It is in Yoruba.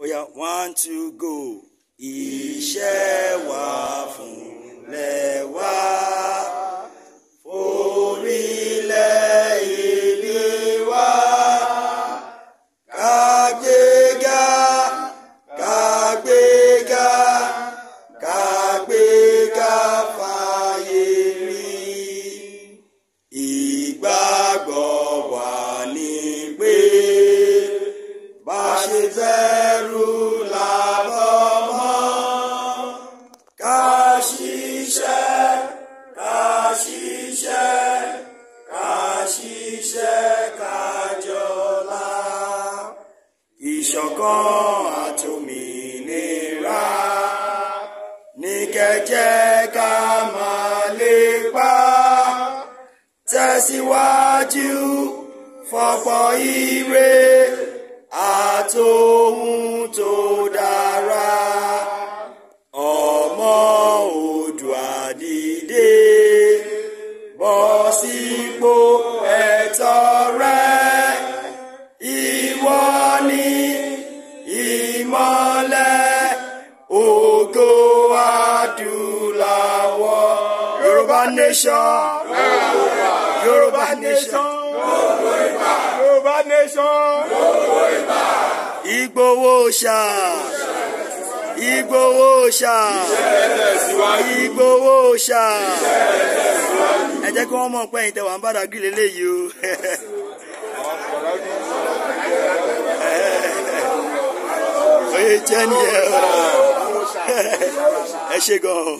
ó yá one two go. iṣẹ́ wà fún lẹ́wà orílẹ̀ èdè wa kàgbéga kàgbéga kàgbéga fàyè rí ìgbàgbọ́ wà ní pé àìbẹ̀rù làbọ̀ mọ́ ká ṣiṣẹ́ ká ṣiṣẹ́ ká ṣiṣẹ́ ká jọlá ìṣọ̀kan àtòmìnira ní kẹjẹ tẹ̀síwájú fọ̀pọ̀ ire. sípò ẹ̀tọ́ rẹ ìwọ ni ìmọ́lẹ̀ ògo adúláwọ̀ Yorùbá nation Yorùbá nation Yorùbá nation Ìgbòho ṣá Ìgbòho ṣá Ìgbòho ṣá. ẹ jẹ́ kí wọ́n mọ̀ pé ẹ̀yin tẹ ń bàdà gírí eléyìí o. oye jẹ́ nìyẹn o ẹ ṣe gan-an.